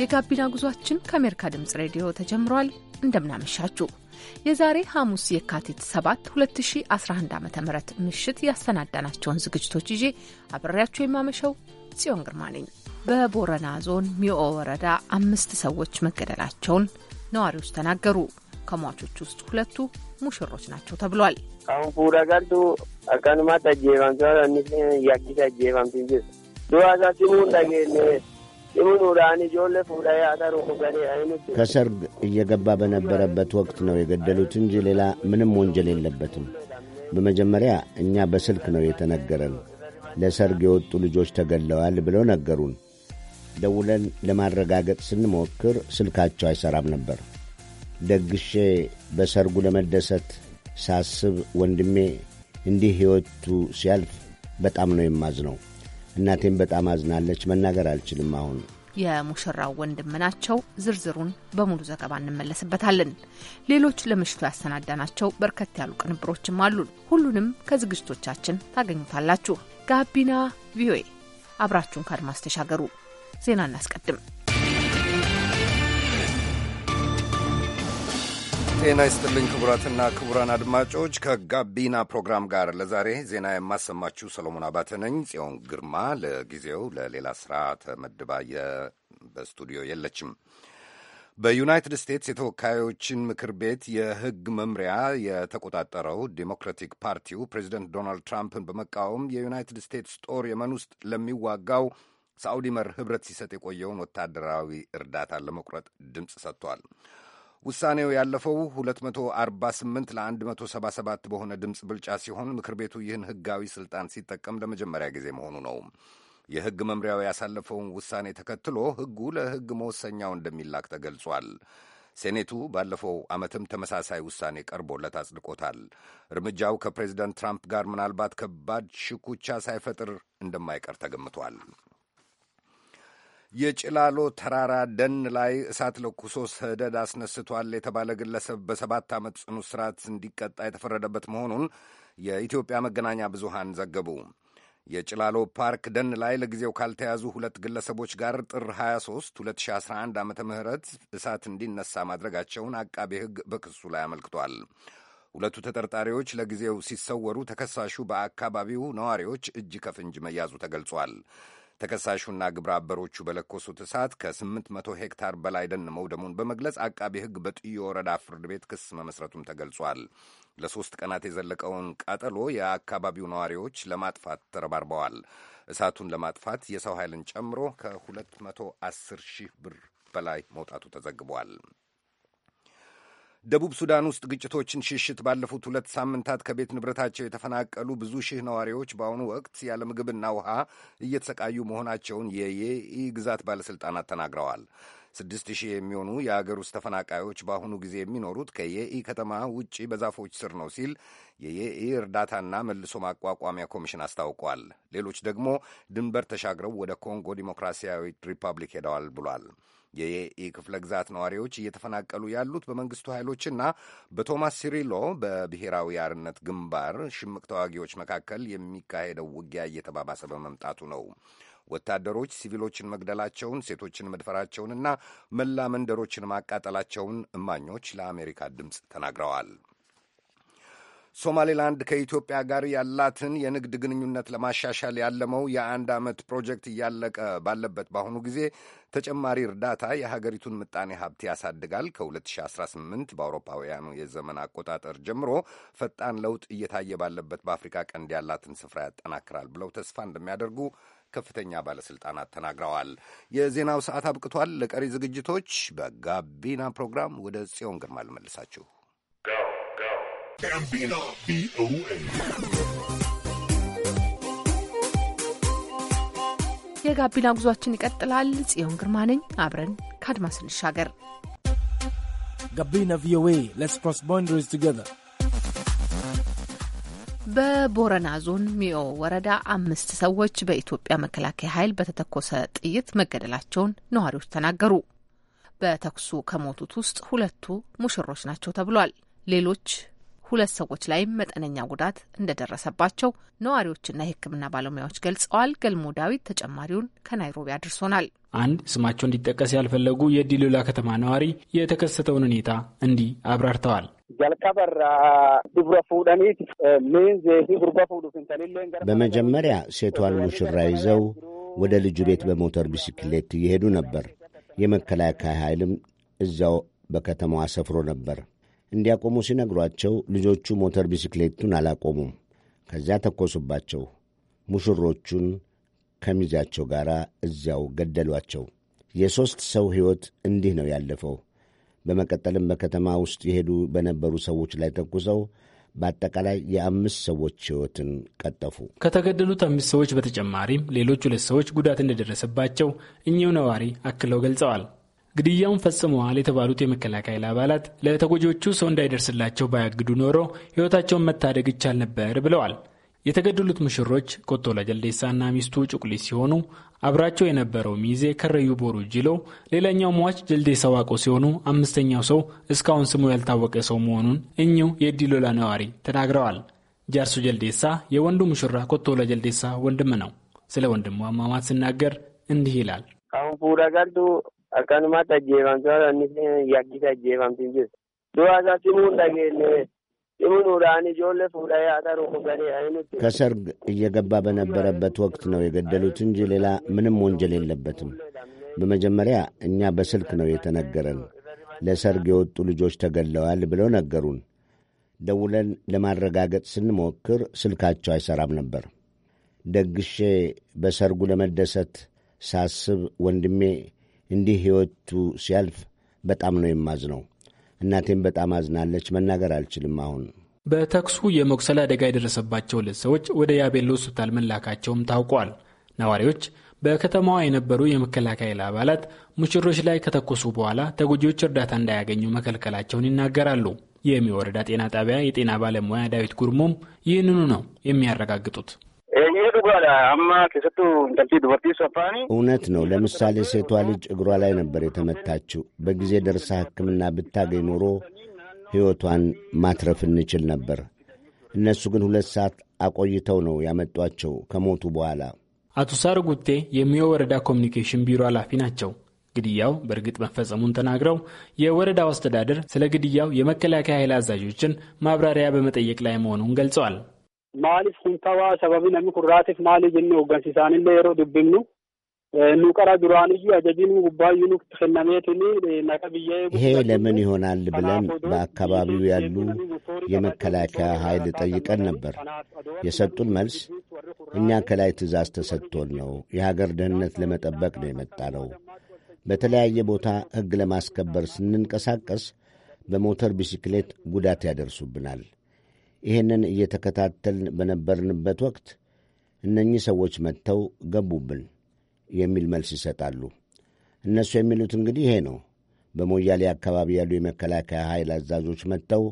የጋቢና ጉዟችን ከአሜሪካ ድምጽ ሬዲዮ ተጀምሯል። እንደምናመሻችሁ የዛሬ ሐሙስ የካቲት 7 2011 ዓ ም ምሽት ያሰናዳናቸውን ዝግጅቶች ይዤ አብሬያችሁ የማመሸው ጽዮን ግርማ ነኝ። በቦረና ዞን ሚኦ ወረዳ አምስት ሰዎች መገደላቸውን ነዋሪዎች ተናገሩ። ከሟቾች ውስጥ ሁለቱ ሙሽሮች ናቸው ተብሏል። Kan fuudha galtu akkanumatti ajjeefamtee inni yakkisa ajjeefamtiin jirtu. Dura isaa simuun dhageenye ሲሙኑዳን ጆለ ፉዳ ያታሩ ከሰርግ እየገባ በነበረበት ወቅት ነው የገደሉት እንጂ ሌላ ምንም ወንጀል የለበትም። በመጀመሪያ እኛ በስልክ ነው የተነገረን። ለሰርግ የወጡ ልጆች ተገለዋል ብለው ነገሩን። ደውለን ለማረጋገጥ ስንሞክር ስልካቸው አይሰራም ነበር። ደግሼ በሰርጉ ለመደሰት ሳስብ ወንድሜ እንዲህ ሕይወቱ ሲያልፍ በጣም ነው የማዝነው። እናቴም በጣም አዝናለች። መናገር አልችልም። አሁን የሙሽራው ወንድም ናቸው። ዝርዝሩን በሙሉ ዘገባ እንመለስበታለን። ሌሎች ለምሽቱ ያሰናዳናቸው በርከት ያሉ ቅንብሮችም አሉን። ሁሉንም ከዝግጅቶቻችን ታገኙታላችሁ። ጋቢና ቪኦኤ፣ አብራችሁን ከአድማስ ተሻገሩ። ዜና እናስቀድም። ጤና ይስጥልኝ ክቡራትና ክቡራን አድማጮች ከጋቢና ፕሮግራም ጋር ለዛሬ ዜና የማሰማችሁ ሰሎሞን አባተ ነኝ። ጽዮን ግርማ ለጊዜው ለሌላ ስራ ተመድባ በስቱዲዮ የለችም። በዩናይትድ ስቴትስ የተወካዮችን ምክር ቤት የሕግ መምሪያ የተቆጣጠረው ዴሞክራቲክ ፓርቲው ፕሬዚደንት ዶናልድ ትራምፕን በመቃወም የዩናይትድ ስቴትስ ጦር የመን ውስጥ ለሚዋጋው ሳዑዲ መር ህብረት ሲሰጥ የቆየውን ወታደራዊ እርዳታ ለመቁረጥ ድምፅ ሰጥቷል። ውሳኔው ያለፈው 248 ለ177 በሆነ ድምፅ ብልጫ ሲሆን ምክር ቤቱ ይህን ሕጋዊ ስልጣን ሲጠቀም ለመጀመሪያ ጊዜ መሆኑ ነው። የሕግ መምሪያው ያሳለፈውን ውሳኔ ተከትሎ ሕጉ ለሕግ መወሰኛው እንደሚላክ ተገልጿል። ሴኔቱ ባለፈው ዓመትም ተመሳሳይ ውሳኔ ቀርቦለት አጽድቆታል። እርምጃው ከፕሬዚደንት ትራምፕ ጋር ምናልባት ከባድ ሽኩቻ ሳይፈጥር እንደማይቀር ተገምቷል። የጭላሎ ተራራ ደን ላይ እሳት ለኩሶ ሰደድ አስነስቷል የተባለ ግለሰብ በሰባት ዓመት ጽኑ እስራት እንዲቀጣ የተፈረደበት መሆኑን የኢትዮጵያ መገናኛ ብዙሃን ዘገቡ። የጭላሎ ፓርክ ደን ላይ ለጊዜው ካልተያዙ ሁለት ግለሰቦች ጋር ጥር 23 2011 ዓ ም እሳት እንዲነሳ ማድረጋቸውን አቃቤ ሕግ በክሱ ላይ አመልክቷል። ሁለቱ ተጠርጣሪዎች ለጊዜው ሲሰወሩ፣ ተከሳሹ በአካባቢው ነዋሪዎች እጅ ከፍንጅ መያዙ ተገልጿል። ተከሳሹና ግብረ አበሮቹ በለኮሱት እሳት ከ800 ሄክታር በላይ ደን መውደሙን በመግለጽ አቃቢ ሕግ በጥዮ ወረዳ ፍርድ ቤት ክስ መመስረቱም ተገልጿል። ለሶስት ቀናት የዘለቀውን ቃጠሎ የአካባቢው ነዋሪዎች ለማጥፋት ተረባርበዋል። እሳቱን ለማጥፋት የሰው ኃይልን ጨምሮ ከ210 ሺህ ብር በላይ መውጣቱ ተዘግቧል። ደቡብ ሱዳን ውስጥ ግጭቶችን ሽሽት ባለፉት ሁለት ሳምንታት ከቤት ንብረታቸው የተፈናቀሉ ብዙ ሺህ ነዋሪዎች በአሁኑ ወቅት ያለ ምግብና ውሃ እየተሰቃዩ መሆናቸውን የየኢ ግዛት ባለሥልጣናት ተናግረዋል። ስድስት ሺህ የሚሆኑ የአገር ውስጥ ተፈናቃዮች በአሁኑ ጊዜ የሚኖሩት ከየኢ ከተማ ውጪ በዛፎች ስር ነው ሲል የየኢ እርዳታና መልሶ ማቋቋሚያ ኮሚሽን አስታውቋል። ሌሎች ደግሞ ድንበር ተሻግረው ወደ ኮንጎ ዲሞክራሲያዊ ሪፐብሊክ ሄደዋል ብሏል። የየኢ ክፍለ ግዛት ነዋሪዎች እየተፈናቀሉ ያሉት በመንግስቱ ኃይሎችና በቶማስ ሲሪሎ በብሔራዊ አርነት ግንባር ሽምቅ ተዋጊዎች መካከል የሚካሄደው ውጊያ እየተባባሰ በመምጣቱ ነው። ወታደሮች ሲቪሎችን መግደላቸውን፣ ሴቶችን መድፈራቸውንና መላ መንደሮችን ማቃጠላቸውን እማኞች ለአሜሪካ ድምፅ ተናግረዋል። ሶማሌላንድ ከኢትዮጵያ ጋር ያላትን የንግድ ግንኙነት ለማሻሻል ያለመው የአንድ ዓመት ፕሮጀክት እያለቀ ባለበት በአሁኑ ጊዜ ተጨማሪ እርዳታ የሀገሪቱን ምጣኔ ሀብት ያሳድጋል። ከ2018 በአውሮፓውያኑ የዘመን አቆጣጠር ጀምሮ ፈጣን ለውጥ እየታየ ባለበት በአፍሪካ ቀንድ ያላትን ስፍራ ያጠናክራል ብለው ተስፋ እንደሚያደርጉ ከፍተኛ ባለስልጣናት ተናግረዋል። የዜናው ሰዓት አብቅቷል። ለቀሪ ዝግጅቶች በጋቢና ፕሮግራም ወደ ጽዮን ግርማ ልመልሳችሁ። ጋቢና ቪኦኤ የጋቢና ጉዟችን ይቀጥላል። ጽዮን ግርማ ነኝ። አብረን ከአድማስ እንሻገር። ጋቢና ቪኦኤ ሌትስ ክሮስ ቦንደሪስ ቱጌዘር በቦረና ዞን ሚኦ ወረዳ አምስት ሰዎች በኢትዮጵያ መከላከያ ኃይል በተተኮሰ ጥይት መገደላቸውን ነዋሪዎች ተናገሩ። በተኩሱ ከሞቱት ውስጥ ሁለቱ ሙሽሮች ናቸው ተብሏል። ሌሎች ሁለት ሰዎች ላይም መጠነኛ ጉዳት እንደደረሰባቸው ነዋሪዎችና የሕክምና ባለሙያዎች ገልጸዋል። ገልሞ ዳዊት ተጨማሪውን ከናይሮቢ አድርሶናል። አንድ ስማቸው እንዲጠቀስ ያልፈለጉ የዲሎላ ከተማ ነዋሪ የተከሰተውን ሁኔታ እንዲህ አብራርተዋል። eh, በመጀመሪያ ሴቷን ሙሽራ ይዘው ወደ ልጁ ቤት በሞተር ቢስክሌት እየሄዱ ነበር። የመከላከያ ኃይልም እዚያው በከተማዋ ሰፍሮ ነበር። እንዲያቆሙ ሲነግሯቸው ልጆቹ ሞተር ቢስክሌቱን አላቆሙም። ከዚያ ተኮሱባቸው። ሙሽሮቹን ከሚዛቸው ጋር እዚያው ገደሏቸው። የሦስት ሰው ሕይወት እንዲህ ነው ያለፈው። በመቀጠልም በከተማ ውስጥ የሄዱ በነበሩ ሰዎች ላይ ተኩሰው በአጠቃላይ የአምስት ሰዎች ሕይወትን ቀጠፉ። ከተገደሉት አምስት ሰዎች በተጨማሪም ሌሎች ሁለት ሰዎች ጉዳት እንደደረሰባቸው እኚሁ ነዋሪ አክለው ገልጸዋል። ግድያውን ፈጽመዋል የተባሉት የመከላከያ አባላት ለተጎጂዎቹ ሰው እንዳይደርስላቸው ባያግዱ ኖሮ ሕይወታቸውን መታደግ ይቻል ነበር ብለዋል። የተገደሉት ምሽሮች ኮቶላ ጀልዴሳና ሚስቱ ጩቁሊ ሲሆኑ አብራቸው የነበረው ሚዜ ከረዩ ቦሩ ጅሎ ሌላኛው ሟች ጀልዴሳ ዋቆ ሲሆኑ አምስተኛው ሰው እስካሁን ስሙ ያልታወቀ ሰው መሆኑን እኚሁ የዲሎላ ነዋሪ ተናግረዋል። ጃርሱ ጀልዴሳ የወንዱ ሙሽራ ኮቶላ ጀልዴሳ ወንድም ነው። ስለ ወንድሙ አሟሟት ሲናገር እንዲህ ይላል። akkanumatti ajjeefamtoota inni yakkisa ajjeefamtiin jiru. Du'aa isaa simuu dhageenye ከሰርግ እየገባ በነበረበት ወቅት ነው የገደሉት እንጂ ሌላ ምንም ወንጀል የለበትም። በመጀመሪያ እኛ በስልክ ነው የተነገረን። ለሰርግ የወጡ ልጆች ተገለዋል ብለው ነገሩን። ደውለን ለማረጋገጥ ስንሞክር ስልካቸው አይሰራም ነበር። ደግሼ በሰርጉ ለመደሰት ሳስብ ወንድሜ እንዲህ ሕይወቱ ሲያልፍ በጣም ነው የማዝነው። እናቴም በጣም አዝናለች። መናገር አልችልም አሁን በተኩሱ የመቁሰል አደጋ የደረሰባቸው ሁለት ሰዎች ወደ ያቤሎ ሆስፒታል መላካቸውም ታውቋል። ነዋሪዎች በከተማዋ የነበሩ የመከላከያ አባላት ሙሽሮች ላይ ከተኮሱ በኋላ ተጎጂዎች እርዳታ እንዳያገኙ መከልከላቸውን ይናገራሉ። የሚወረዳ ጤና ጣቢያ የጤና ባለሙያ ዳዊት ጉርሞም ይህንኑ ነው የሚያረጋግጡት። እውነት ነው። ለምሳሌ ሴቷ ልጅ እግሯ ላይ ነበር የተመታችው። በጊዜ ደርሳ ሕክምና ብታገኝ ኖሮ ሕይወቷን ማትረፍ እንችል ነበር። እነሱ ግን ሁለት ሰዓት አቆይተው ነው ያመጧቸው ከሞቱ በኋላ። አቶ ሳር ጉቴ የሚዮ ወረዳ ኮሚኒኬሽን ቢሮ ኃላፊ ናቸው። ግድያው በእርግጥ መፈጸሙን ተናግረው የወረዳው አስተዳደር ስለ ግድያው የመከላከያ ኃይል አዛዦችን ማብራሪያ በመጠየቅ ላይ መሆኑን ገልጸዋል። maaliif huntawaa sababii namni kurraatiif maali jennee hooggansiisaanillee yeroo dubbifnu nu qara duraaniyyu ajajiin gubbaa gubbaayyuu nutti kennameetini naqa biyyee ይሄ ለምን ይሆናል ብለን በአካባቢው ያሉ የመከላከያ ኃይል ጠይቀን ነበር። የሰጡን መልስ እኛ ከላይ ትእዛዝ ተሰጥቶን ነው፣ የሀገር ደህንነት ለመጠበቅ ነው የመጣ ነው። በተለያየ ቦታ ሕግ ለማስከበር ስንንቀሳቀስ በሞተር ቢሲክሌት ጉዳት ያደርሱብናል። ይህንን እየተከታተልን በነበርንበት ወቅት እነኚህ ሰዎች መጥተው ገቡብን የሚል መልስ ይሰጣሉ። እነሱ የሚሉት እንግዲህ ይሄ ነው። በሞያሌ አካባቢ ያሉ የመከላከያ ኃይል አዛዦች መጥተው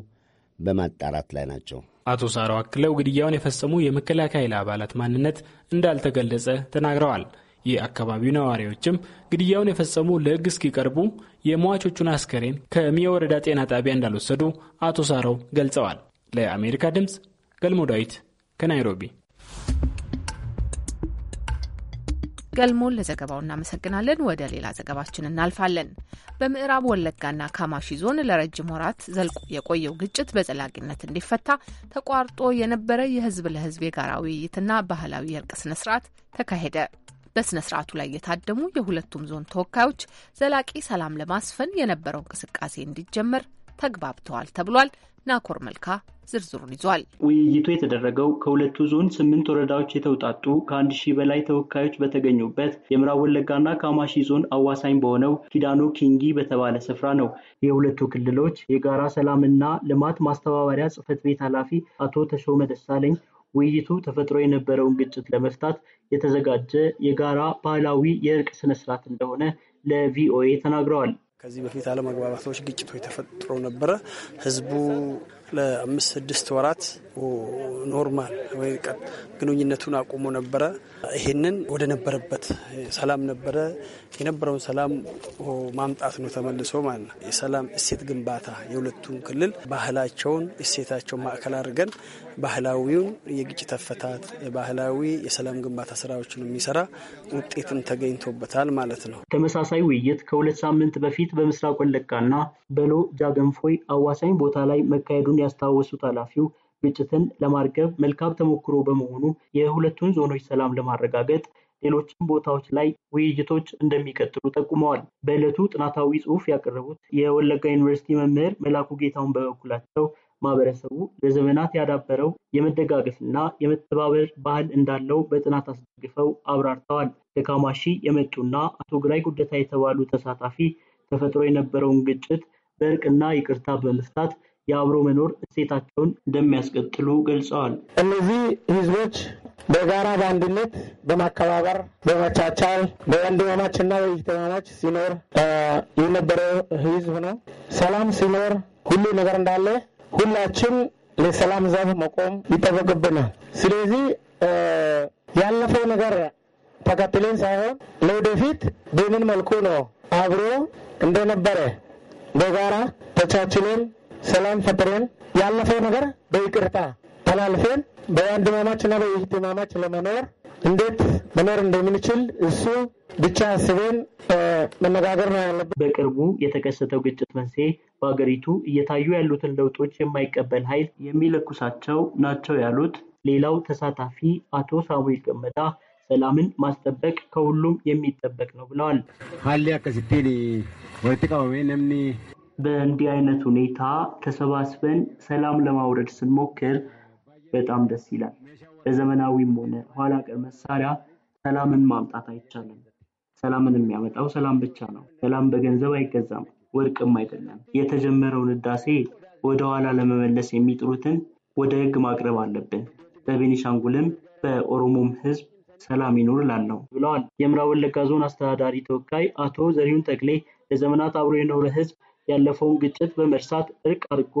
በማጣራት ላይ ናቸው። አቶ ሳራው አክለው ግድያውን የፈጸሙ የመከላከያ ኃይል አባላት ማንነት እንዳልተገለጸ ተናግረዋል። የአካባቢው ነዋሪዎችም ግድያውን የፈጸሙ ለሕግ እስኪቀርቡ የሟቾቹን አስከሬን ከሚወረዳ ጤና ጣቢያ እንዳልወሰዱ አቶ ሳራው ገልጸዋል። ለአሜሪካ ድምፅ ገልሞ ዳዊት ከናይሮቢ። ገልሞን ለዘገባው እናመሰግናለን። ወደ ሌላ ዘገባችን እናልፋለን። በምዕራብ ወለጋና ካማሺ ዞን ለረጅም ወራት ዘልቆ የቆየው ግጭት በዘላቂነት እንዲፈታ ተቋርጦ የነበረ የህዝብ ለህዝብ የጋራ ውይይትና ባህላዊ የእርቅ ስነስርዓት ተካሄደ። በስነ ስርዓቱ ላይ የታደሙ የሁለቱም ዞን ተወካዮች ዘላቂ ሰላም ለማስፈን የነበረው እንቅስቃሴ እንዲጀመር ተግባብተዋል ተብሏል። ናኮር መልካ ዝርዝሩን ይዟል። ውይይቱ የተደረገው ከሁለቱ ዞን ስምንት ወረዳዎች የተውጣጡ ከአንድ ሺህ በላይ ተወካዮች በተገኙበት የምዕራብ ወለጋና ካማሺ ዞን አዋሳኝ በሆነው ኪዳኖ ኪንጊ በተባለ ስፍራ ነው። የሁለቱ ክልሎች የጋራ ሰላምና ልማት ማስተባበሪያ ጽህፈት ቤት ኃላፊ አቶ ተሾመ ደሳለኝ ውይይቱ ተፈጥሮ የነበረውን ግጭት ለመፍታት የተዘጋጀ የጋራ ባህላዊ የእርቅ ስነስርዓት እንደሆነ ለቪኦኤ ተናግረዋል። ከዚህ በፊት አለመግባባቶች፣ ግጭቶች ተፈጥሮ ነበረ። ህዝቡ ለአምስት ስድስት ወራት ኖርማል ወይ ግንኙነቱን አቁሞ ነበረ። ይህንን ወደ ነበረበት ሰላም ነበረ የነበረውን ሰላም ማምጣት ነው ተመልሶ ማለት ነው። የሰላም እሴት ግንባታ የሁለቱን ክልል ባህላቸውን እሴታቸውን ማዕከል አድርገን ባህላዊውን የግጭት አፈታት ባህላዊ የሰላም ግንባታ ስራዎችን የሚሰራ ውጤትም ተገኝቶበታል ማለት ነው። ተመሳሳይ ውይይት ከሁለት ሳምንት በፊት በምስራቅ ወለቃና በሎ ጃገንፎይ አዋሳኝ ቦታ ላይ መካሄዱን ያስታወሱት ኃላፊው ግጭትን ለማርገብ መልካም ተሞክሮ በመሆኑ የሁለቱን ዞኖች ሰላም ለማረጋገጥ ሌሎችም ቦታዎች ላይ ውይይቶች እንደሚቀጥሉ ጠቁመዋል። በዕለቱ ጥናታዊ ጽሑፍ ያቀረቡት የወለጋ ዩኒቨርሲቲ መምህር መላኩ ጌታውን በበኩላቸው ማህበረሰቡ ለዘመናት ያዳበረው የመደጋገፍና የመተባበር ባህል እንዳለው በጥናት አስደግፈው አብራርተዋል። ከካማሺ የመጡና አቶ ግራይ ጉደታ የተባሉ ተሳታፊ ተፈጥሮ የነበረውን ግጭት በእርቅና ይቅርታ በመፍታት የአብሮ መኖር እሴታቸውን እንደሚያስቀጥሉ ገልጸዋል። እነዚህ ህዝቦች በጋራ በአንድነት በማከባበር በመቻቻል በወንድማማችና በእህትማማች ሲኖር የነበረ ህዝብ ነው። ሰላም ሲኖር ሁሉ ነገር እንዳለ ሁላችን ለሰላም ዛፍ መቆም ይጠበቅብናል። ስለዚህ ያለፈው ነገር ተከትለን ሳይሆን ለወደፊት በምን መልኩ ነው አብሮ እንደነበረ በጋራ ተቻችለን ሰላም ፈጥረን ያለፈው ነገር በይቅርታ ተላልፈን በወንድማማች በእህትማማች ለመኖር እንዴት መኖር እንደምንችል እሱ ብቻ አስበን መነጋገር ነው ያለብን። በቅርቡ የተከሰተው ግጭት መንስኤ በሀገሪቱ እየታዩ ያሉትን ለውጦች የማይቀበል ኃይል የሚለኩሳቸው ናቸው ያሉት ሌላው ተሳታፊ አቶ ሳሙኤል ገመዳ ሰላምን ማስጠበቅ ከሁሉም የሚጠበቅ ነው ብለዋል። ሀሊ ነምኒ በእንዲህ አይነት ሁኔታ ተሰባስበን ሰላም ለማውረድ ስንሞክር በጣም ደስ ይላል። በዘመናዊም ሆነ ኋላ ቀር መሳሪያ ሰላምን ማምጣት አይቻልም። ሰላምን የሚያመጣው ሰላም ብቻ ነው። ሰላም በገንዘብ አይገዛም፣ ወርቅም አይደለም። የተጀመረውን ህዳሴ ወደኋላ ለመመለስ የሚጥሩትን ወደ ህግ ማቅረብ አለብን። በቤኒሻንጉልም በኦሮሞም ህዝብ ሰላም ይኑር ላለው ብለዋል። የምዕራብ ወለጋ ዞን አስተዳዳሪ ተወካይ አቶ ዘሪሁን ተክሌ ለዘመናት አብሮ የኖረ ህዝብ ያለፈውን ግጭት በመርሳት እርቅ አድርጎ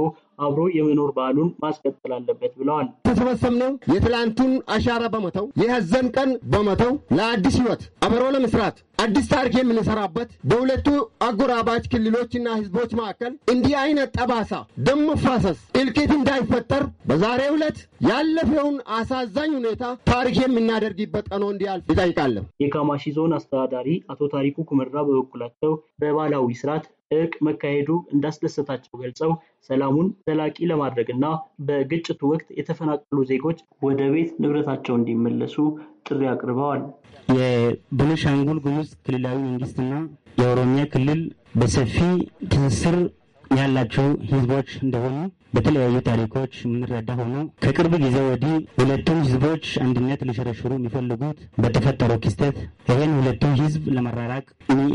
አብሮ የመኖር ባህሉን ማስቀጠል አለበት ብለዋል። ተሰበሰብነው የትላንቱን አሻራ በመተው የህዘን ቀን በመተው ለአዲስ ህይወት አብሮ ለመስራት አዲስ ታሪክ የምንሰራበት በሁለቱ አጎራባች ክልሎችና ህዝቦች መካከል እንዲህ አይነት ጠባሳ፣ ደም መፋሰስ፣ እልቂት እንዳይፈጠር በዛሬ ዕለት ያለፈውን አሳዛኝ ሁኔታ ታሪክ የምናደርግበት ቀኖ እንዲያልፍ ይጠይቃለን። የካማሺ ዞን አስተዳዳሪ አቶ ታሪኩ ኩመራ በበኩላቸው በባህላዊ ስርዓት እርቅ መካሄዱ እንዳስደሰታቸው ገልጸው ሰላሙን ዘላቂ ለማድረግ እና በግጭቱ ወቅት የተፈናቀሉ ዜጎች ወደ ቤት ንብረታቸው እንዲመለሱ ጥሪ አቅርበዋል። የቤኒሻንጉል ጉሙዝ ክልላዊ መንግስትና የኦሮሚያ ክልል በሰፊ ትስስር ያላቸው ህዝቦች እንደሆኑ በተለያዩ ታሪኮች የምንረዳ ሆኖ ከቅርብ ጊዜ ወዲህ ሁለቱም ህዝቦች አንድነት ሊሸረሽሩ የሚፈልጉት በተፈጠረው ክስተት ይህን ሁለቱም ህዝብ ለመራራቅ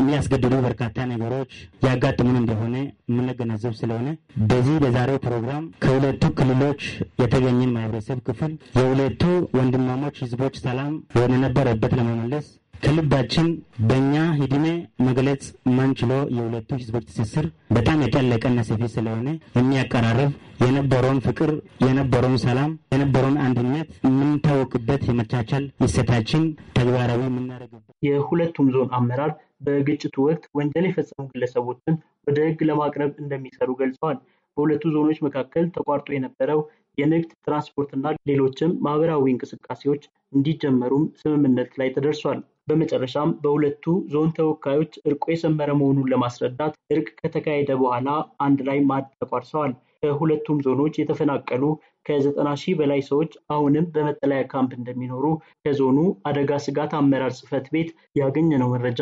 የሚያስገድዱ በርካታ ነገሮች ያጋጥሙን እንደሆነ የምንገነዘብ ስለሆነ በዚህ በዛሬው ፕሮግራም ከሁለቱ ክልሎች የተገኘን ማህበረሰብ ክፍል የሁለቱ ወንድማሞች ህዝቦች ሰላም ወደነበረበት ለመመለስ ከልባችን በእኛ ሂድሜ መግለጽ ማንችሎ የሁለቱ ህዝቦች ትስስር በጣም የጠለቀና ሰፊ ስለሆነ የሚያቀራርብ የነበረውን ፍቅር፣ የነበረውን ሰላም፣ የነበረውን አንድነት የምንታወቅበት የመቻቻል እሴታችን ተግባራዊ የምናደርግበት የሁለቱም ዞን አመራር በግጭቱ ወቅት ወንጀል የፈጸሙ ግለሰቦችን ወደ ህግ ለማቅረብ እንደሚሰሩ ገልጸዋል። በሁለቱ ዞኖች መካከል ተቋርጦ የነበረው የንግድ ትራንስፖርትና ሌሎችም ማህበራዊ እንቅስቃሴዎች እንዲጀመሩም ስምምነት ላይ ተደርሷል። በመጨረሻም በሁለቱ ዞን ተወካዮች እርቁ የሰመረ መሆኑን ለማስረዳት እርቅ ከተካሄደ በኋላ አንድ ላይ ማዕድ ተቋርሰዋል። ከሁለቱም ዞኖች የተፈናቀሉ ከዘጠና ሺህ በላይ ሰዎች አሁንም በመጠለያ ካምፕ እንደሚኖሩ ከዞኑ አደጋ ስጋት አመራር ጽሕፈት ቤት ያገኘነው መረጃ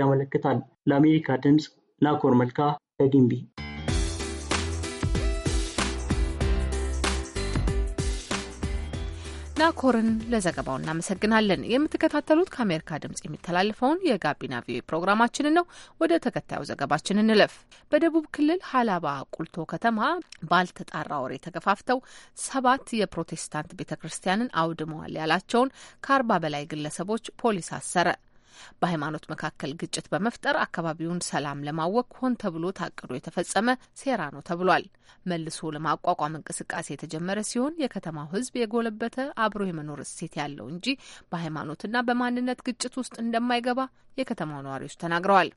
ያመለክታል። ለአሜሪካ ድምፅ ናኮር መልካ ከጊምቢ ኮርን ለዘገባው እናመሰግናለን። የምትከታተሉት ከአሜሪካ ድምጽ የሚተላለፈውን የጋቢና ቪኦኤ ፕሮግራማችንን ነው። ወደ ተከታዩ ዘገባችን እንለፍ። በደቡብ ክልል ሀላባ ቁልቶ ከተማ ባልተጣራ ወሬ ተገፋፍተው ሰባት የፕሮቴስታንት ቤተ ክርስቲያንን አውድመዋል ያላቸውን ከአርባ በላይ ግለሰቦች ፖሊስ አሰረ። በሃይማኖት መካከል ግጭት በመፍጠር አካባቢውን ሰላም ለማወክ ሆን ተብሎ ታቅዶ የተፈጸመ ሴራ ነው ተብሏል። መልሶ ለማቋቋም እንቅስቃሴ የተጀመረ ሲሆን የከተማው ሕዝብ የጎለበተ አብሮ የመኖር እሴት ያለው እንጂ በሃይማኖትና በማንነት ግጭት ውስጥ እንደማይገባ የከተማው ነዋሪዎች ተናግረዋል።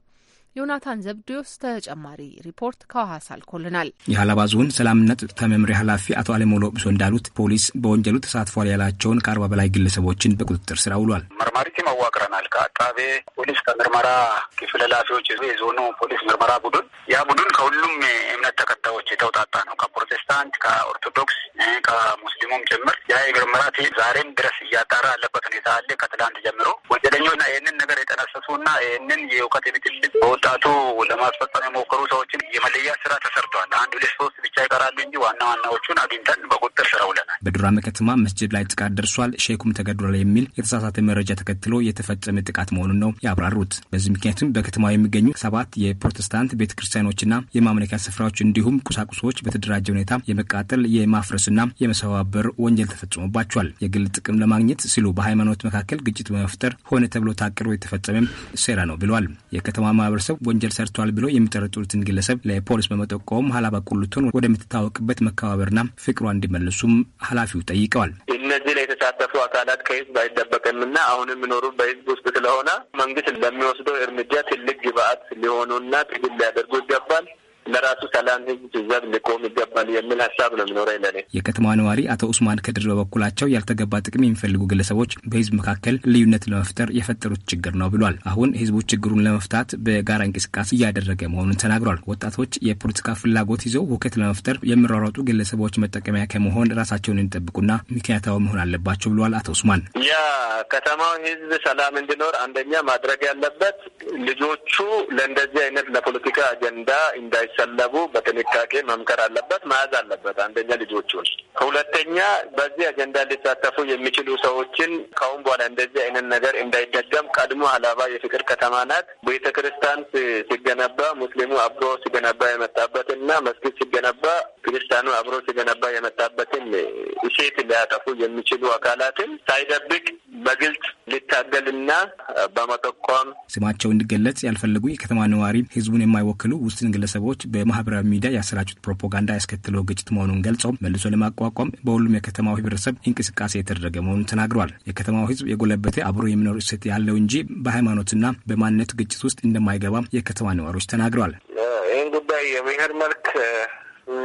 ዮናታን ዘብዲዮስ ተጨማሪ ሪፖርት ከሐዋሳ አልኮልናል። የሀላባ ዞን ሰላምነት ጸጥታ ኃላፊ አቶ አለሞሎ ብሶ እንዳሉት ፖሊስ በወንጀሉ ተሳትፏል ያላቸውን ከአርባ በላይ ግለሰቦችን በቁጥጥር ስር አውሏል። መርማሪ ቲም አዋቅረናል። ከአቃቤ ፖሊስ ከምርመራ ክፍል ኃላፊዎች የዞኑ ፖሊስ ምርመራ ቡድን ያ ቡድን ከሁሉም እምነት ተከታዮች የተውጣጣ ነው። ከፕሮቴስታንት፣ ከኦርቶዶክስ፣ ከሙስሊሙም ጭምር ያ የምርመራ ቲም ዛሬም ድረስ እያጣራ ያለበት ሁኔታ አለ። ከትላንት ጀምሮ ወንጀለኞና ይህንን ነገር የጠነሰሱና ይህንን የእውቀት የብጥልጥ ወጣቱ ለማስፈጸም የሞከሩ ሰዎችን የመለያ ስራ ተሰርቷል። አንድ ሁለት ሶስት ብቻ ይቀራል እንጂ ዋና ዋናዎቹን አግኝተን በቁጥር ስራ ውለናል። በዱራሜ ከተማ መስጅድ ላይ ጥቃት ደርሷል፣ ሼኩም ተገድሏል የሚል የተሳሳተ መረጃ ተከትሎ የተፈጸመ ጥቃት መሆኑን ነው ያብራሩት። በዚህ ምክንያትም በከተማ የሚገኙ ሰባት የፕሮቴስታንት ቤተ ክርስቲያኖችና የማምለኪያ ስፍራዎች እንዲሁም ቁሳቁሶች በተደራጀ ሁኔታ የመቃጠል የማፍረስና የመሰባበር ወንጀል ተፈጽሞባቸዋል። የግል ጥቅም ለማግኘት ሲሉ በሃይማኖት መካከል ግጭት በመፍጠር ሆነ ተብሎ ታቅዶ የተፈጸመም ሴራ ነው ብሏል። የከተማ ማህበረሰብ ሰው ወንጀል ሰርቷል ብሎ የሚጠረጥሩትን ግለሰብ ለፖሊስ በመጠቆም ሀላባ ወደምትታወቅበት መከባበርና ፍቅሯ እንዲመለሱም ኃላፊው ጠይቀዋል። እነዚህ ላይ የተሳተፉ አካላት ከህዝብ አይጠበቅምና አሁን የሚኖሩ በህዝብ ውስጥ ስለሆነ መንግስት ለሚወስደው እርምጃ ትልቅ ግብአት ሊሆኑና ትግል ሊያደርጉ ይገባል። ለራሱ ሰላም ህዝብ ዘብ ሊቆም ይገባል የሚል ሀሳብ ነው የሚኖረኝ ለኔ። የከተማ ነዋሪ አቶ ኡስማን ከድር በበኩላቸው ያልተገባ ጥቅም የሚፈልጉ ግለሰቦች በህዝብ መካከል ልዩነት ለመፍጠር የፈጠሩት ችግር ነው ብሏል። አሁን ህዝቡ ችግሩን ለመፍታት በጋራ እንቅስቃሴ እያደረገ መሆኑን ተናግሯል። ወጣቶች የፖለቲካ ፍላጎት ይዘው ሁከት ለመፍጠር የሚሯሯጡ ግለሰቦች መጠቀሚያ ከመሆን ራሳቸውን እንጠብቁና ምክንያታዊ መሆን አለባቸው ብሏል። አቶ ኡስማን ከተማው ህዝብ ሰላም እንዲኖር አንደኛ ማድረግ ያለበት ልጆቹ ለእንደዚህ አይነት ለፖለቲካ አጀንዳ እንዳይ እንዳይሰለቡ በጥንቃቄ መምከር አለበት፣ መያዝ አለበት። አንደኛ ልጆቹን፣ ሁለተኛ በዚህ አጀንዳ ሊሳተፉ የሚችሉ ሰዎችን ካሁን በኋላ እንደዚህ አይነት ነገር እንዳይደገም። ቀድሞ ሀላባ የፍቅር ከተማ ናት። ቤተ ክርስቲያን ሲገነባ ሙስሊሙ አብሮ ሲገነባ የመጣበትና መስጊድ ሲገነባ ክርስቲያኑ አብሮ ሲገነባ የመጣበትን እሴት ሊያጠፉ የሚችሉ አካላትን ሳይደብቅ በግልጽ ሊታገልና በመጠቆም ስማቸው እንዲገለጽ ያልፈለጉ የከተማ ነዋሪ ህዝቡን የማይወክሉ ውስን ግለሰቦች በማህበራዊ ሚዲያ ያሰራጩት ፕሮፓጋንዳ ያስከትለው ግጭት መሆኑን ገልጸው መልሶ ለማቋቋም በሁሉም የከተማው ህብረተሰብ እንቅስቃሴ የተደረገ መሆኑን ተናግሯል። የከተማው ህዝብ የጎለበተ አብሮ የሚኖር እሴት ያለው እንጂ በሃይማኖትና በማንነት ግጭት ውስጥ እንደማይገባ የከተማ ነዋሪዎች ተናግረዋል። ይህን ጉዳይ የብሔር መልክ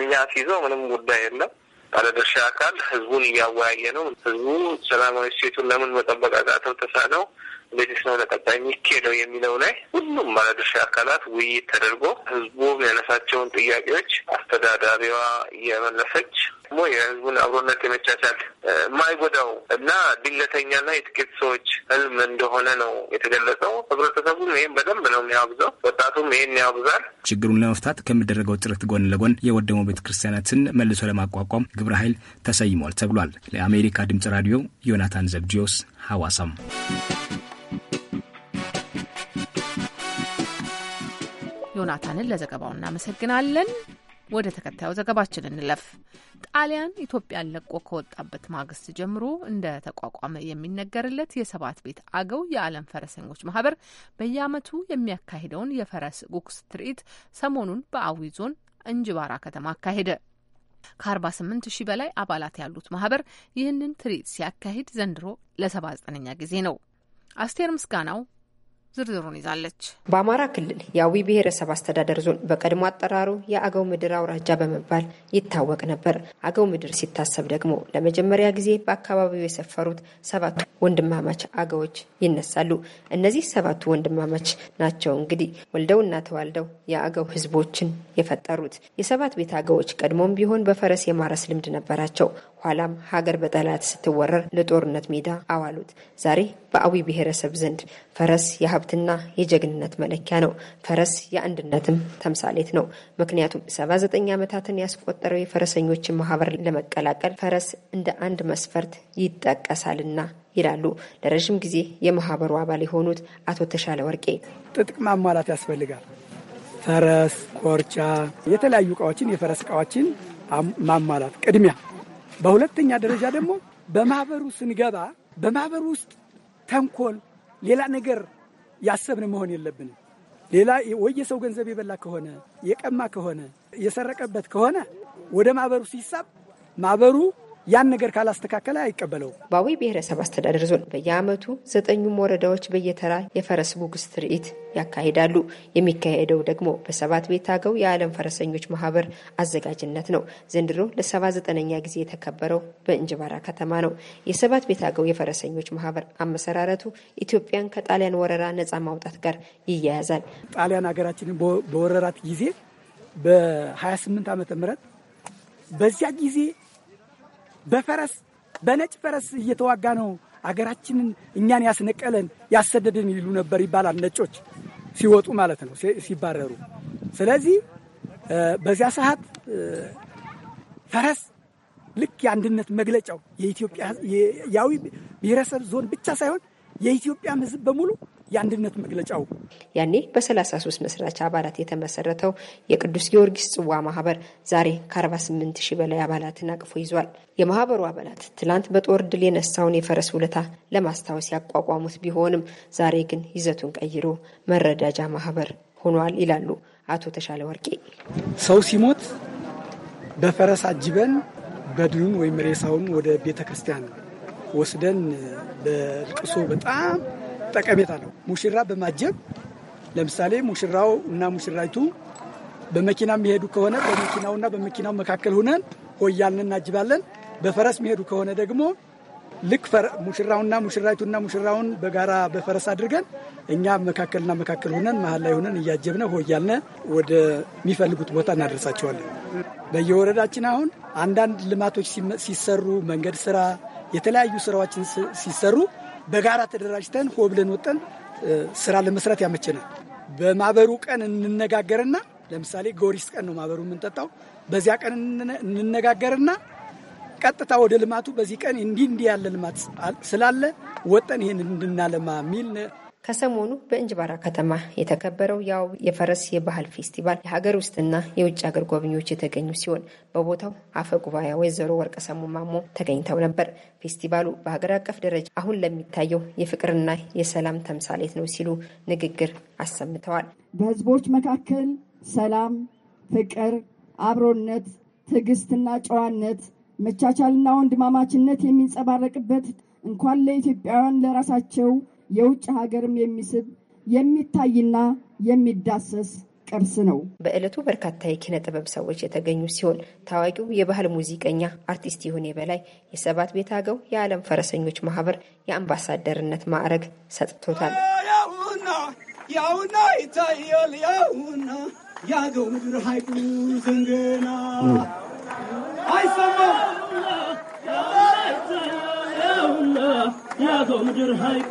የሚያስይዘው ምንም ጉዳይ የለም። ባለድርሻ አካል ህዝቡን እያወያየ ነው። ህዝቡ ሰላማዊ ሴቱን ለምን መጠበቅ አቃተው ተሳነው እንዴት ነው ለቀጣይ የሚካሄደው የሚለው ላይ ሁሉም ባለድርሻ አካላት ውይይት ተደርጎ ህዝቡ ያነሳቸውን ጥያቄዎች አስተዳዳሪዋ እየመለሰች ደግሞ የህዝቡን አብሮነት የመቻቻል የማይጎዳው እና ድለተኛና የጥቂት ሰዎች ህልም እንደሆነ ነው የተገለጸው። ህብረተሰቡም ይህም በደንብ ነው የሚያብዘው፣ ወጣቱም ይህን ያብዛል። ችግሩን ለመፍታት ከሚደረገው ጥረት ጎን ለጎን የወደሙ ቤተ ክርስቲያናትን መልሶ ለማቋቋም ግብረ ኃይል ተሰይሟል ተብሏል። ለአሜሪካ ድምጽ ራዲዮ ዮናታን ዘብዲዮስ ሐዋሳም ዮናታንን ለዘገባው እናመሰግናለን። ወደ ተከታዩ ዘገባችን እንለፍ። ጣሊያን ኢትዮጵያን ለቆ ከወጣበት ማግስት ጀምሮ እንደ ተቋቋመ የሚነገርለት የሰባት ቤት አገው የዓለም ፈረሰኞች ማህበር በየዓመቱ የሚያካሂደውን የፈረስ ጉግስ ትርኢት ሰሞኑን በአዊ ዞን እንጅባራ ከተማ አካሄደ። ከ48 ሺህ በላይ አባላት ያሉት ማህበር ይህንን ትርኢት ሲያካሂድ ዘንድሮ ለሰባ 9 ኛ ጊዜ ነው። አስቴር ምስጋናው ዝርዝሩን ይዛለች። በአማራ ክልል የአዊ ብሔረሰብ አስተዳደር ዞን በቀድሞ አጠራሩ የአገው ምድር አውራጃ በመባል ይታወቅ ነበር። አገው ምድር ሲታሰብ ደግሞ ለመጀመሪያ ጊዜ በአካባቢው የሰፈሩት ሰባቱ ወንድማማች አገዎች ይነሳሉ። እነዚህ ሰባቱ ወንድማማች ናቸው እንግዲህ ወልደውና ተዋልደው የአገው ህዝቦችን የፈጠሩት። የሰባት ቤት አገዎች ቀድሞም ቢሆን በፈረስ የማረስ ልምድ ነበራቸው። ኋላም ሀገር በጠላት ስትወረር ለጦርነት ሜዳ አዋሉት። ዛሬ በአዊ ብሔረሰብ ዘንድ ፈረስ የሀብትና የጀግንነት መለኪያ ነው። ፈረስ የአንድነትም ተምሳሌት ነው። ምክንያቱም 79 ዓመታትን ያስቆጠረው የፈረሰኞችን ማህበር ለመቀላቀል ፈረስ እንደ አንድ መስፈርት ይጠቀሳልና ይላሉ ለረዥም ጊዜ የማህበሩ አባል የሆኑት አቶ ተሻለ ወርቄ። ጥጥቅ ማሟላት ያስፈልጋል። ፈረስ፣ ኮርቻ፣ የተለያዩ እቃዎችን የፈረስ እቃዎችን ማሟላት ቅድሚያ በሁለተኛ ደረጃ ደግሞ በማህበሩ ስንገባ በማህበሩ ውስጥ ተንኮል፣ ሌላ ነገር ያሰብን መሆን የለብንም። ሌላ ወይ የሰው ገንዘብ የበላ ከሆነ የቀማ ከሆነ የሰረቀበት ከሆነ ወደ ማህበሩ ሲሳብ ማህበሩ ያን ነገር ካላስተካከለ አይቀበለውም። በአዊ ብሔረሰብ አስተዳደር ዞን በየአመቱ ዘጠኙም ወረዳዎች በየተራ የፈረስ ጉግስ ትርኢት ያካሂዳሉ። የሚካሄደው ደግሞ በሰባት ቤት አገው የዓለም ፈረሰኞች ማህበር አዘጋጅነት ነው። ዘንድሮ ለሰባ ዘጠነኛ ጊዜ የተከበረው በእንጅባራ ከተማ ነው። የሰባት ቤት አገው የፈረሰኞች ማህበር አመሰራረቱ ኢትዮጵያን ከጣሊያን ወረራ ነጻ ማውጣት ጋር ይያያዛል። ጣሊያን ሀገራችንን በወረራት ጊዜ በ28 ዓመተ ምህረት በዚያ ጊዜ በፈረስ በነጭ ፈረስ እየተዋጋ ነው አገራችንን እኛን ያስነቀለን ያሰደደን ይሉ ነበር ይባላል። ነጮች ሲወጡ ማለት ነው ሲባረሩ። ስለዚህ በዚያ ሰዓት ፈረስ ልክ የአንድነት መግለጫው የኢትዮጵያዊ ብሔረሰብ ዞን ብቻ ሳይሆን የኢትዮጵያም ሕዝብ በሙሉ የአንድነት መግለጫው። ያኔ በ33 መስራች አባላት የተመሰረተው የቅዱስ ጊዮርጊስ ጽዋ ማህበር ዛሬ ከ48 ሺህ በላይ አባላትን አቅፎ ይዟል። የማህበሩ አባላት ትላንት በጦር ድል የነሳውን የፈረስ ውለታ ለማስታወስ ያቋቋሙት ቢሆንም ዛሬ ግን ይዘቱን ቀይሮ መረዳጃ ማህበር ሆኗል ይላሉ አቶ ተሻለ ወርቄ። ሰው ሲሞት በፈረስ አጅበን በድኑን ወይም ሬሳውን ወደ ቤተ ክርስቲያን ወስደን በልቅሶ በጣም ጠቀሜታ ነው። ሙሽራ በማጀብ ለምሳሌ ሙሽራው እና ሙሽራይቱ በመኪና የሚሄዱ ከሆነ በመኪናውና በመኪናው መካከል ሆነን ሆያልን እናጅባለን። በፈረስ የሚሄዱ ከሆነ ደግሞ ልክ ሙሽራውና ሙሽራይቱና ሙሽራውን በጋራ በፈረስ አድርገን እኛ መካከልና መካከል ሆነን መሀል ላይ ሆነን እያጀብነ ሆያልነ ወደሚፈልጉት ቦታ እናደርሳቸዋለን። በየወረዳችን አሁን አንዳንድ ልማቶች ሲሰሩ መንገድ ስራ፣ የተለያዩ ስራዎችን ሲሰሩ በጋራ ተደራጅተን ሆ ብለን ወጠን ስራ ለመስራት ያመቸናል። በማህበሩ ቀን እንነጋገርና ለምሳሌ ጎሪስ ቀን ነው ማህበሩ የምንጠጣው። በዚያ ቀን እንነጋገርና ቀጥታ ወደ ልማቱ በዚህ ቀን እንዲህ እንዲህ ያለ ልማት ስላለ ወጠን ይህን እንድናለማ የሚል ከሰሞኑ በእንጅባራ ከተማ የተከበረው የአዊ የፈረስ የባህል ፌስቲቫል የሀገር ውስጥና የውጭ ሀገር ጎብኚዎች የተገኙ ሲሆን በቦታው አፈ ጉባኤ ወይዘሮ ወርቀ ሰሙ ማሞ ተገኝተው ነበር። ፌስቲቫሉ በሀገር አቀፍ ደረጃ አሁን ለሚታየው የፍቅርና የሰላም ተምሳሌት ነው ሲሉ ንግግር አሰምተዋል። በህዝቦች መካከል ሰላም፣ ፍቅር፣ አብሮነት፣ ትዕግስትና ጨዋነት፣ መቻቻልና ወንድማማችነት የሚንጸባረቅበት እንኳን ለኢትዮጵያውያን ለራሳቸው የውጭ ሀገርም የሚስብ የሚታይና የሚዳሰስ ቅርስ ነው። በዕለቱ በርካታ የኪነ ጥበብ ሰዎች የተገኙ ሲሆን ታዋቂው የባህል ሙዚቀኛ አርቲስት ይሁኔ በላይ የሰባት ቤት አገው የዓለም ፈረሰኞች ማህበር የአምባሳደርነት ማዕረግ ሰጥቶታል። ያውና ይታያል ያውና ያገው ምድር ሀይቁ ዘንገና ያውና ያገው ምድር ሀይቁ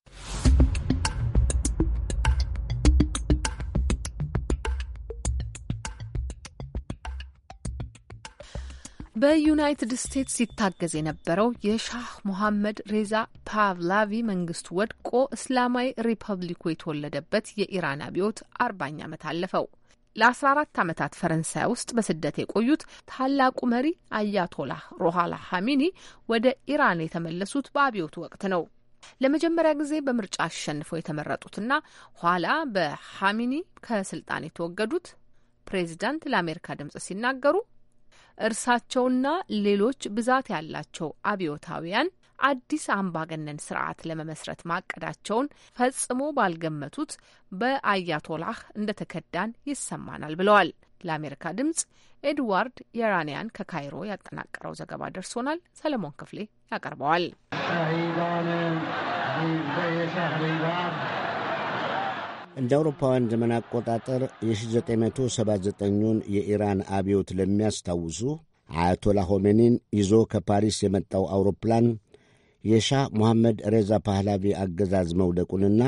በዩናይትድ ስቴትስ ሲታገዝ የነበረው የሻህ ሞሐመድ ሬዛ ፓቭላቪ መንግስት ወድቆ እስላማዊ ሪፐብሊኩ የተወለደበት የኢራን አብዮት አርባኛ ዓመት አለፈው። ለ14 ዓመታት ፈረንሳይ ውስጥ በስደት የቆዩት ታላቁ መሪ አያቶላህ ሮሃላ ሀሚኒ ወደ ኢራን የተመለሱት በአብዮቱ ወቅት ነው። ለመጀመሪያ ጊዜ በምርጫ አሸንፈው የተመረጡትና ኋላ በሀሚኒ ከስልጣን የተወገዱት ፕሬዚዳንት ለአሜሪካ ድምጽ ሲናገሩ እርሳቸውና ሌሎች ብዛት ያላቸው አብዮታውያን አዲስ አምባገነን ስርዓት ለመመስረት ማቀዳቸውን ፈጽሞ ባልገመቱት በአያቶላህ እንደተከዳን ይሰማናል ብለዋል። ለአሜሪካ ድምጽ ኤድዋርድ የራንያን ከካይሮ ያጠናቀረው ዘገባ ደርሶናል። ሰለሞን ክፍሌ ያቀርበዋል። እንደ አውሮፓውያን ዘመን አቆጣጠር የ1979ን የኢራን አብዮት ለሚያስታውሱ አያቶላ ሆሜኒን ይዞ ከፓሪስ የመጣው አውሮፕላን የሻህ ሞሐመድ ሬዛ ፓህላቪ አገዛዝ መውደቁንና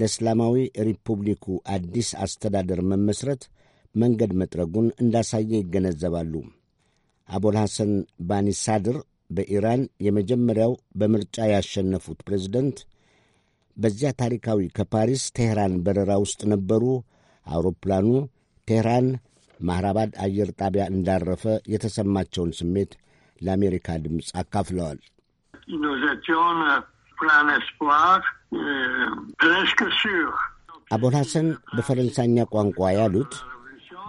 ለእስላማዊ ሪፑብሊኩ አዲስ አስተዳደር መመስረት መንገድ መጥረጉን እንዳሳየ ይገነዘባሉ። አቦል ሐሰን በኢራን የመጀመሪያው በምርጫ ያሸነፉት ፕሬዝደንት በዚያ ታሪካዊ ከፓሪስ ቴህራን በረራ ውስጥ ነበሩ። አውሮፕላኑ ቴህራን ማህራባድ አየር ጣቢያ እንዳረፈ የተሰማቸውን ስሜት ለአሜሪካ ድምፅ አካፍለዋል። euh, euh, አቦል ሐሰን በፈረንሳይኛ ቋንቋ ያሉት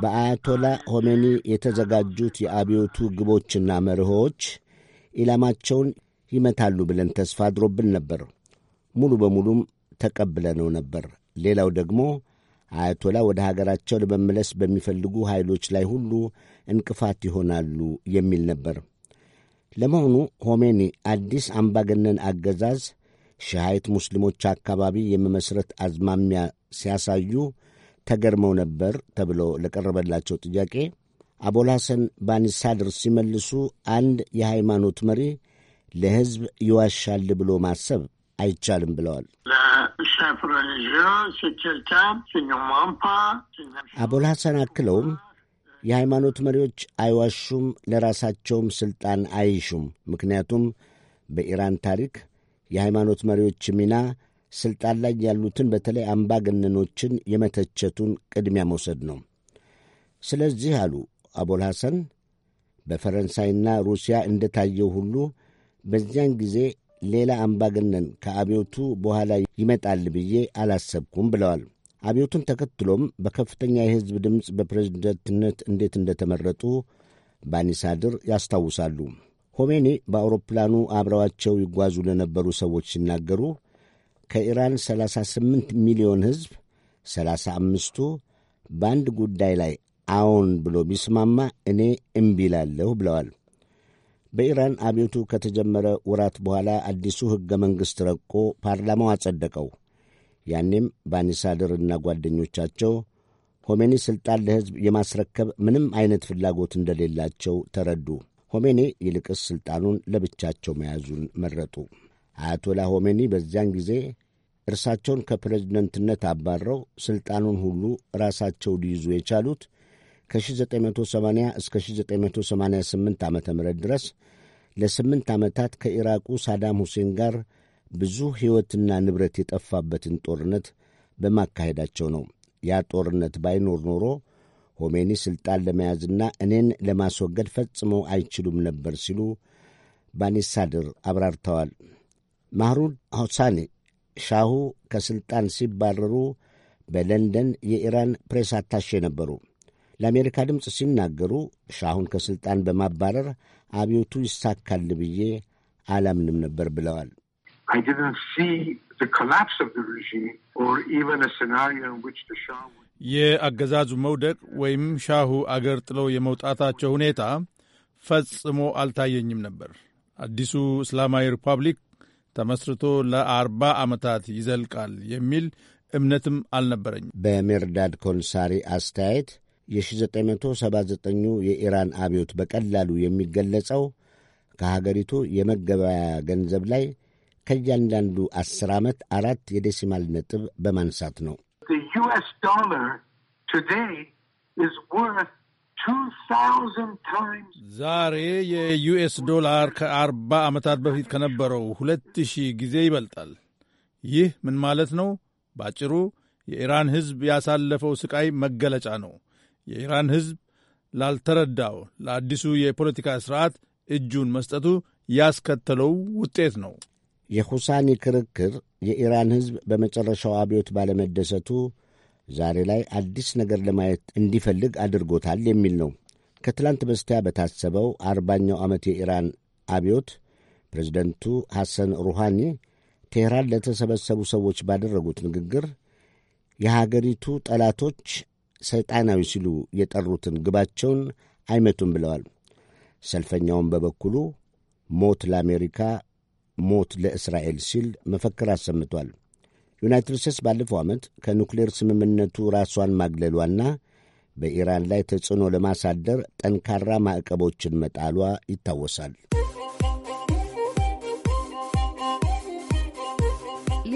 በአያቶላ ሆሜኒ የተዘጋጁት የአብዮቱ ግቦችና መርሆዎች ኢላማቸውን ይመታሉ ብለን ተስፋ አድሮብን ነበር። ሙሉ በሙሉም ተቀብለነው ነበር። ሌላው ደግሞ አያቶላ ወደ ሀገራቸው ለመመለስ በሚፈልጉ ኃይሎች ላይ ሁሉ እንቅፋት ይሆናሉ የሚል ነበር። ለመሆኑ ሆሜኒ አዲስ አምባገነን አገዛዝ ሺሃይት ሙስሊሞች አካባቢ የመመስረት አዝማሚያ ሲያሳዩ ተገርመው ነበር ተብሎ ለቀረበላቸው ጥያቄ አቦልሐሰን ባኒሳድር ሲመልሱ አንድ የሃይማኖት መሪ ለሕዝብ ይዋሻል ብሎ ማሰብ አይቻልም ብለዋል። አቦል ሐሰን አክለውም የሃይማኖት መሪዎች አይዋሹም፣ ለራሳቸውም ሥልጣን አይሹም። ምክንያቱም በኢራን ታሪክ የሃይማኖት መሪዎች ሚና ሥልጣን ላይ ያሉትን በተለይ አምባገነኖችን የመተቸቱን ቅድሚያ መውሰድ ነው። ስለዚህ አሉ አቦል ሐሰን በፈረንሳይና ሩሲያ እንደታየው ሁሉ በዚያን ጊዜ ሌላ አምባገነን ከአብዮቱ በኋላ ይመጣል ብዬ አላሰብኩም ብለዋል። አብዮቱን ተከትሎም በከፍተኛ የሕዝብ ድምፅ በፕሬዝደንትነት እንዴት እንደተመረጡ ባኒሳድር ያስታውሳሉ። ሆሜኒ በአውሮፕላኑ አብረዋቸው ይጓዙ ለነበሩ ሰዎች ሲናገሩ ከኢራን 38 ሚሊዮን ሕዝብ 35ቱ በአንድ ጉዳይ ላይ አዎን ብሎ ቢስማማ እኔ እምቢላለሁ ብለዋል። በኢራን አብዮቱ ከተጀመረ ውራት በኋላ አዲሱ ሕገ መንግሥት ረቆ ፓርላማው አጸደቀው። ያኔም ባኒሳድር እና ጓደኞቻቸው ሆሜኒ ሥልጣን ለሕዝብ የማስረከብ ምንም አይነት ፍላጎት እንደሌላቸው ተረዱ። ሆሜኒ ይልቅስ ሥልጣኑን ለብቻቸው መያዙን መረጡ። አያቶላ ሆሜኒ በዚያን ጊዜ እርሳቸውን ከፕሬዝደንትነት አባረው ሥልጣኑን ሁሉ ራሳቸው ሊይዙ የቻሉት ከ1980 እስከ 1988 ዓ ም ድረስ ለስምንት ዓመታት ከኢራቁ ሳዳም ሁሴን ጋር ብዙ ሕይወትና ንብረት የጠፋበትን ጦርነት በማካሄዳቸው ነው። ያ ጦርነት ባይኖር ኖሮ ሆሜኒ ሥልጣን ለመያዝና እኔን ለማስወገድ ፈጽመው አይችሉም ነበር ሲሉ ባኔሳድር አብራርተዋል። ማህሩድ ሆሳኒ ሻሁ ከሥልጣን ሲባረሩ በለንደን የኢራን ፕሬስ አታሼ ነበሩ። ለአሜሪካ ድምፅ ሲናገሩ ሻሁን ከሥልጣን በማባረር አብዮቱ ይሳካል ብዬ አላምንም ነበር ብለዋል። የአገዛዙ መውደቅ ወይም ሻሁ አገር ጥለው የመውጣታቸው ሁኔታ ፈጽሞ አልታየኝም ነበር። አዲሱ እስላማዊ ሪፐብሊክ ተመስርቶ ለአርባ ዓመታት ይዘልቃል የሚል እምነትም አልነበረኝም። በሜርዳድ ኮንሳሪ አስተያየት የ1979ኙ የኢራን አብዮት በቀላሉ የሚገለጸው ከሀገሪቱ የመገበያ ገንዘብ ላይ ከእያንዳንዱ አስር ዓመት አራት የዴሲማል ነጥብ በማንሳት ነው። ዛሬ የዩኤስ ዶላር ከአርባ ዓመታት በፊት ከነበረው ሁለት ሺህ ጊዜ ይበልጣል። ይህ ምን ማለት ነው? ባጭሩ የኢራን ሕዝብ ያሳለፈው ሥቃይ መገለጫ ነው። የኢራን ሕዝብ ላልተረዳው ለአዲሱ የፖለቲካ ሥርዓት እጁን መስጠቱ ያስከተለው ውጤት ነው። የሁሳኒ ክርክር የኢራን ሕዝብ በመጨረሻው አብዮት ባለመደሰቱ ዛሬ ላይ አዲስ ነገር ለማየት እንዲፈልግ አድርጎታል የሚል ነው። ከትላንት በስቲያ በታሰበው አርባኛው ዓመት የኢራን አብዮት ፕሬዚደንቱ ሐሰን ሩሃኒ ቴህራን ለተሰበሰቡ ሰዎች ባደረጉት ንግግር የሀገሪቱ ጠላቶች ሰይጣናዊ ሲሉ የጠሩትን ግባቸውን አይመቱም ብለዋል። ሰልፈኛውም በበኩሉ ሞት ለአሜሪካ፣ ሞት ለእስራኤል ሲል መፈክር አሰምቷል። ዩናይትድ ስቴትስ ባለፈው ዓመት ከኑክሌር ስምምነቱ ራሷን ማግለሏና በኢራን ላይ ተጽዕኖ ለማሳደር ጠንካራ ማዕቀቦችን መጣሏ ይታወሳል።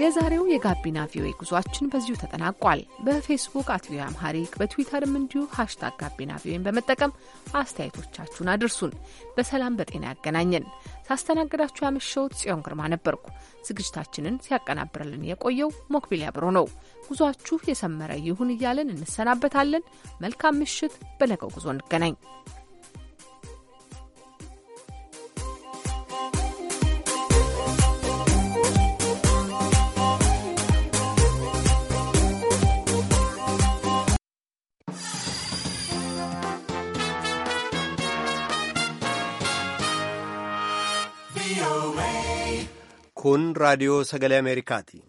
የዛሬው የጋቢና ቪኦኤ ጉዟችን በዚሁ ተጠናቋል። በፌስቡክ አት ቪኦኤ አምሃሪክ በትዊተርም እንዲሁ ሀሽታግ ጋቢና ቪኦኤን በመጠቀም አስተያየቶቻችሁን አድርሱን። በሰላም በጤና ያገናኘን። ሳስተናግዳችሁ ያመሸሁት ጽዮን ግርማ ነበርኩ። ዝግጅታችንን ሲያቀናብርልን የቆየው ሞክቢል ያብሮ ነው። ጉዟችሁ የሰመረ ይሁን እያለን እንሰናበታለን። መልካም ምሽት። በነገው ጉዞ እንገናኝ። Kun raadiyoo sagale Ameerikaati.